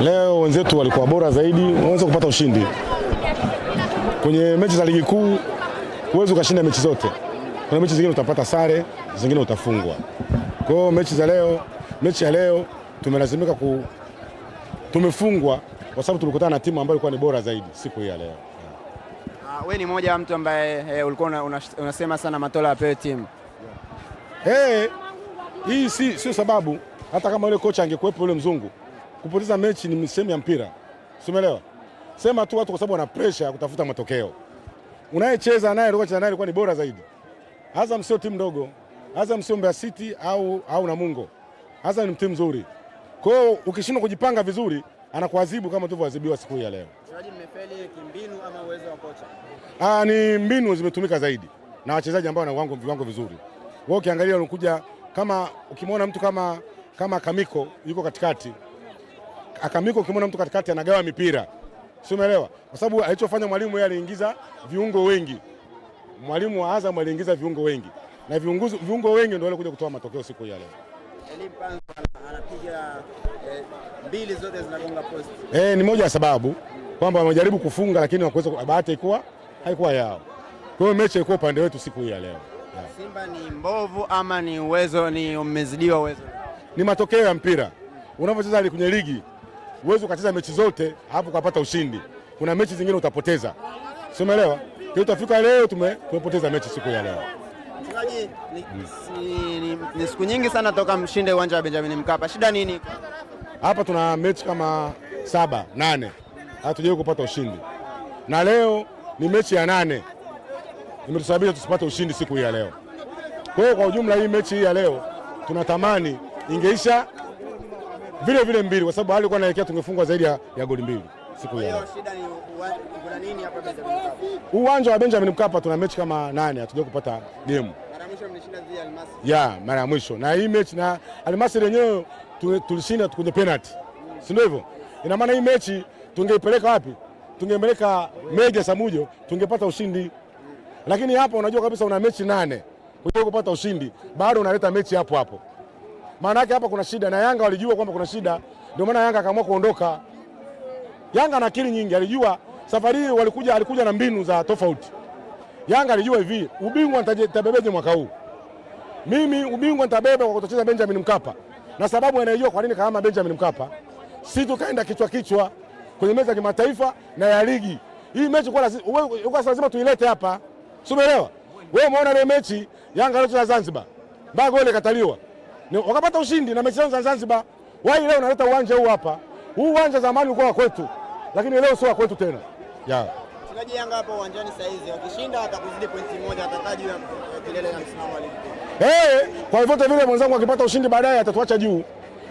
Leo wenzetu walikuwa bora zaidi, waweza kupata ushindi kwenye mechi za ligi kuu. Huwezi ukashinda mechi zote, kuna mechi zingine utapata sare, zingine utafungwa. Kwa hiyo mechi za leo, mechi ya leo tumelazimika ku, tumefungwa kwa sababu tulikutana na timu ambayo ilikuwa ni bora zaidi siku hii ya leo. Uh, wewe ni mmoja wa mtu ambaye e, ulikuwa unasema sana Matola apewe timu yeah. Hey, hii si sio sababu, hata kama yule kocha angekuwepo yule mzungu kupoteza mechi ni sehemu ya mpira, umeelewa? Sema tu watu, kwa sababu wana pressure ya kutafuta matokeo. Unayecheza naye alikuwa naye alikuwa ni bora zaidi. Azam sio timu ndogo, Azam sio Mbeya City au, au Namungo. Azam ni timu nzuri, kwa hiyo ukishindwa kujipanga vizuri anakuadhibu kama tulivyoadhibiwa siku ya leo. kimbinu ama uwezo wa kocha? Ah, ni mbinu zimetumika zaidi na wachezaji ambao wana viwango, viwango vizuri. Wewe ukiangalia unakuja kama ukimwona mtu kama, kama Kamiko yuko katikati Akamiko ukimwona mtu katikati anagawa mipira, si umeelewa? Kwa sababu alichofanya mwalimu yeye aliingiza viungo wengi, mwalimu wa Azam aliingiza viungo wengi na viungo, viungo wengi ndio walikuja kutoa matokeo siku ya leo. Anapiga eh, mbili zote zinagonga post eh, ni moja ya sababu kwamba wamejaribu kufunga lakini hawakuweza, bahati ikuwa haikuwa yao. Kwa hiyo mechi ilikuwa upande wetu siku ya leo. Yeah. Simba ni mbovu ama ni uwezo ni umezidiwa uwezo? Ni matokeo ya mpira. Unavyocheza kwenye ligi Huwezi ukacheza mechi zote hapo ukapata ushindi. Kuna mechi zingine utapoteza, sio? Umeelewa? Tutafika leo tumepoteza mechi siku ya leo. Ni, ni, ni, ni, ni siku nyingi sana toka mshinde uwanja wa Benjamin Mkapa, shida nini? Hapa tuna mechi kama saba nane, hatujawai kupata ushindi, na leo ni mechi ya nane imetusababisha tusipate ushindi siku hii ya leo. Kwa hiyo kwa ujumla, hii mechi hii ya leo tunatamani ingeisha vile vile mbili, kwa sababu alikuwa anaelekea tungefungwa zaidi ya, ya goli mbili siku ya uwanja wa Benjamin Mkapa. Tuna mechi kama nane hatuja kupata gemu ya mara ya mwisho, na hii mechi na Almasi lenyewe tulishinda kwenye penalty, mm. si ndio hivyo? Ina maana hii mechi tungeipeleka wapi? Tungepeleka Meja Samujo, tungepata ushindi. Lakini hapa unajua kabisa una mechi nane, unataka kupata ushindi, bado unaleta mechi hapo hapo. Maana yake hapa kuna shida, na Yanga walijua kwamba kuna shida, ndio maana Yanga akaamua kuondoka. Yanga na akili nyingi, alijua safari hii walikuja, alikuja na mbinu za tofauti. Yanga alijua hivi, ubingwa nitabebeje mwaka huu? Mimi ubingwa nitabeba kwa kutocheza Benjamin Mkapa, na sababu anayejua kwa nini kaama Benjamin Mkapa, si tukaenda kichwa kichwa kwenye meza ya kimataifa na ya ligi hii. Mechi kwa lazima lazima tuilete hapa, si wewe? Umeona ile mechi Yanga aliocheza Zanzibar, mpaka goli kataliwa wakapata ushindi na mechi zao za Zanzibar. Wai leo unaleta uwanja huu hapa, huu uwanja zamani ulikuwa wa kwetu, lakini leo sio wa kwetu tena yeah. Mchezaji Yanga hapa uwanjani sasa hizi wakishinda atakuzidi pointi moja atakaa juu ya eh, kilele na msimamo alipo. Eh, hey, kwa hivyo vile mwenzangu akipata ushindi baadaye atatuacha juu.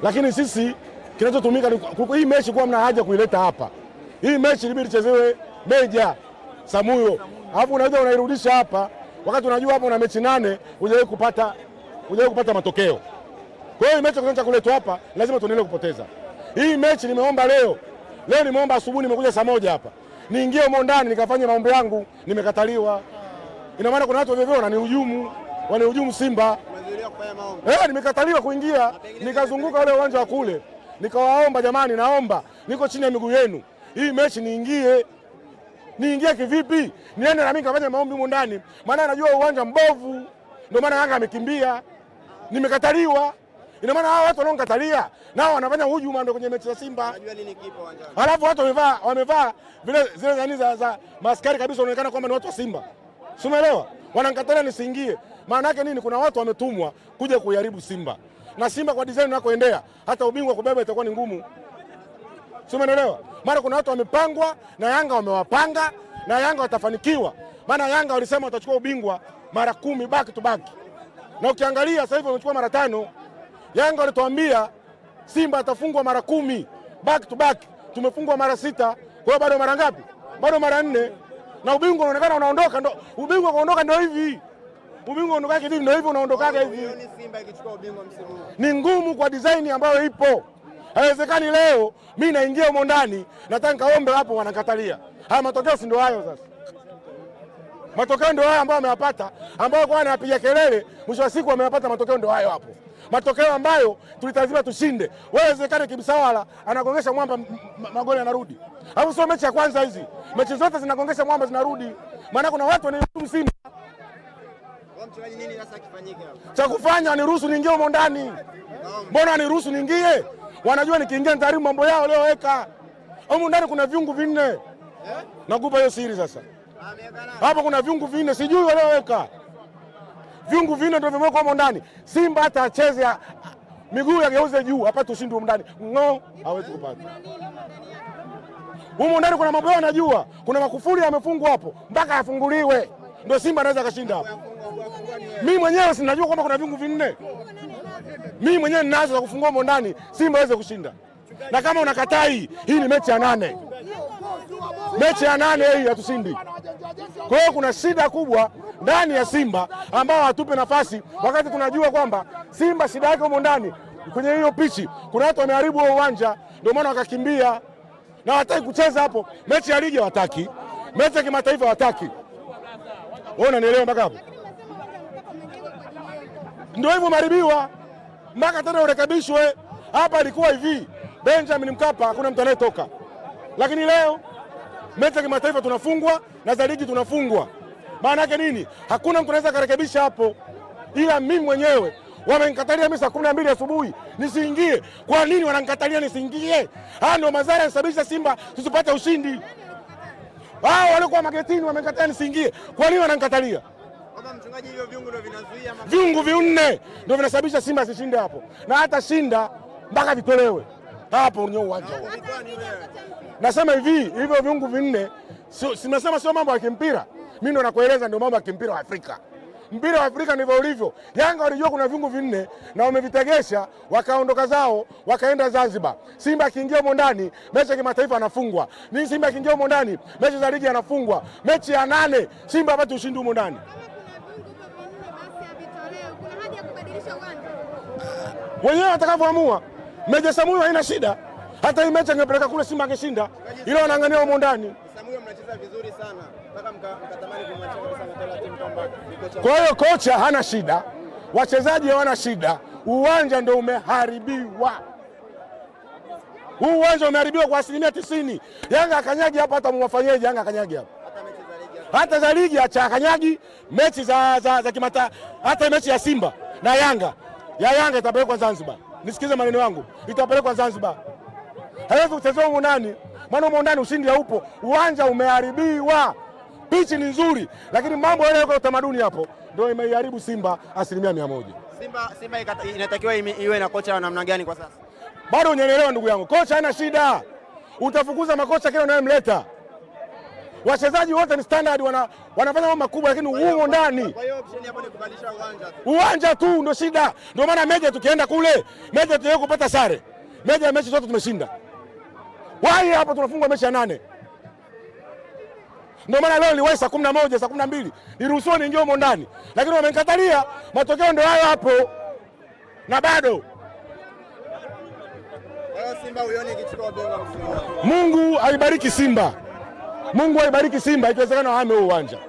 Lakini sisi kinachotumika hii mechi kwa mna haja kuileta hapa. Hii mechi ilibidi ichezewe Beja Samuyo. Alafu unaweza unairudisha hapa wakati unajua hapo una mechi nane hujawahi kupata hujawahi kupata matokeo. Kwa hiyo mechi kitendo cha kuletwa hapa lazima tuendelee kupoteza. Hii mechi nimeomba leo. Leo nimeomba asubuhi nimekuja saa moja hapa. Niingie humo ndani nikafanye maombi yangu, nimekataliwa. Ina maana kuna watu wavyo wananihujumu, wanihujumu Simba. Eh, nimekataliwa kuingia, ah, nikazunguka ule uwanja wa kule. Nikawaomba jamani, naomba niko chini ya miguu yenu. Hii mechi niingie. Niingie kivipi? Niende na mimi nikafanye maombi humo ndani. Maana najua uwanja mbovu. Ndio maana Yanga amekimbia. Nimekataliwa. Ina maana hao watu wanaokatalia nao wanafanya hujuma ndio kwenye mechi za Simba. Unajua nini kipo Alafu watu wamevaa wamevaa vile zile zani za, za maskari kabisa, wanaonekana kwamba ni watu wa Simba, si umeelewa? Wanakatalia nisiingie. Maana yake nini? Kuna watu wametumwa kuja kuiharibu Simba na Simba kwa design unakoendea, hata ubingwa kubeba itakuwa ni ngumu, si umeelewa? Maana kuna watu wamepangwa na Yanga, wamewapanga na Yanga watafanikiwa, maana Yanga walisema watachukua ubingwa mara kumi back to back, na ukiangalia sasa hivi wamechukua mara tano. Yanga walituambia Simba atafungwa mara kumi back to back, tumefungwa mara sita. Kwa hiyo bado mara ngapi? Bado mara nne, na ubingwa unaonekana unaondoka. Ndo ubingwa unaondoka, ndo hivi ubingwa unaondoka hivi, ndo hivi unaondokaga hivi. Simba ikichukua ubingwa msimu huu ni ngumu kwa design ambayo ipo, haiwezekani. Leo mi naingia humo ndani, nataka nikaombe hapo, wanakatalia. Haya matokeo si ndio hayo sasa matokeo ndio hayo ambayo ameyapata, ambayo kwa anapiga kelele, mwisho wa siku ameyapata matokeo ndio hayo hapo matokeo ambayo tulitazima tushinde. wewe zekani kimsawala anagongesha mwamba magoli yanarudi, Au sio mechi ya kwanza. Hizi mechi zote zinagongesha mwamba zinarudi, maana kuna watu wanahukumu Simba. Cha kufanya ruhusu niingie humo ndani, mbona ruhusu niingie? Wanajua nikiingia nitaharibu mambo yao walioweka humu ndani. Kuna viungu vinne, eh? nakupa hiyo siri sasa. Ah, Hapo kuna viungu vinne, sijui walioweka vyungu vinne ndio vimewekwa humo ndani. Simba hata acheze miguu yageuze juu apate ushindi humo ndani, ngo hawezi kupata humo ndani. Kuna mabao anajua, kuna makufuri yamefungwa hapo, mpaka afunguliwe ndio Simba anaweza akashinda hapo. Mimi mwenyewe sinajua kwamba kuna viungu vinne, mimi mwenyewe ninazo za kufungua humo ndani, Simba aweze kushinda. Na kama hii hii ni mechi ya nane, mechi ya nane hii hatushindi. Kwa hiyo kuna shida kubwa ndani ya Simba ambao hatupe nafasi, wakati tunajua kwamba Simba shida yake humo ndani kwenye hiyo pichi. Kuna watu wameharibu huo uwanja, ndio maana wakakimbia na hawataki kucheza hapo. Mechi ya ligi hawataki, mechi ya kimataifa hawataki. Wewe unanielewa mpaka hapo? Ndio hivyo maribiwa mpaka tena urekebishwe. Hapa ilikuwa hivi, Benjamin Mkapa hakuna mtu anayetoka, lakini leo mechi ya kimataifa tunafungwa na za ligi tunafungwa. Maana yake nini? Hakuna mtu anaweza karekebisha hapo, ila mimi mwenyewe wamenikatalia mimi saa kumi na mbili asubuhi nisiingie. Kwa nini wanankatalia nisiingie? Haya ndio madhara yanasababisha Simba tusipate ushindi. Hao walikuwa magetini wamenikatalia nisiingie. Kwa nini wananikatalia? Viungu vinne ndio vinasababisha Simba asishinde hapo, na hata shinda mpaka vitolewe hapo nye uwanja huo. Nasema hivi, hivyo viungu vinne, si nasema sio mambo ya kimpira. Mimi ndo nakueleza, ndio mambo ya kimpira wa Afrika. Mpira wa Afrika ndivyo ulivyo. Yanga walijua kuna viungu vinne na wamevitegesha, wakaondoka zao, wakaenda Zanzibar. Simba akiingia humo ndani, mechi ya kimataifa anafungwa. Ni Simba akiingia humo ndani, mechi za ligi anafungwa. Mechi ya nane Simba hapati ushindi humo ndani. Wenyewe watakavyoamua, Meja Samuyo haina shida. Hata hii mechi angepeleka kule, Simba angeshinda, Ile wanaang'ania humo ndani huyo mnacheza vizuri sana mpaka mkatamani kumwacha Kwa hiyo kocha hana shida, wachezaji hawana shida, uwanja ndio umeharibiwa. Huu uwanja umeharibiwa kwa asilimia tisini. Yanga akanyagi hapa, hata mwafanyeje? Yanga akanyagi hapa hata za ligi acha akanyagi mechi za, za, za kimata, hata mechi ya Simba na Yanga ya Yanga itapelekwa Zanzibar. Nisikize maneno yangu, itapelekwa Zanzibar, haiwezi kuchezewa humu ndani mwana umo ndani ushindi haupo, uwanja umeharibiwa, pichi ni nzuri, lakini mambo yale ya utamaduni hapo ndio imeiharibu Simba asilimia mia moja. Simba, Simba inatakiwa iwe na kocha wa namna gani kwa sasa? Bado unyelelewa ndugu yangu, kocha ana shida, utafukuza makocha kile unayemleta wachezaji wote ni standard, wana, wanafanya mambo makubwa, lakini humo ndani uwanja tu ndio shida. Ndio maana meja, tukienda kule meja tuwee kupata sare, meja ya mechi zote tumeshinda wahi hapa tunafungwa mechi ya nane? Ndio maana leo niliwahi saa kumi na moja saa kumi na mbili niruhusiwa niingie humo ndani, lakini wamenikatalia. Matokeo ndio hayo hapo, na bado Mungu aibariki Simba, Mungu aibariki Simba, ikiwezekana wahame huu uwanja.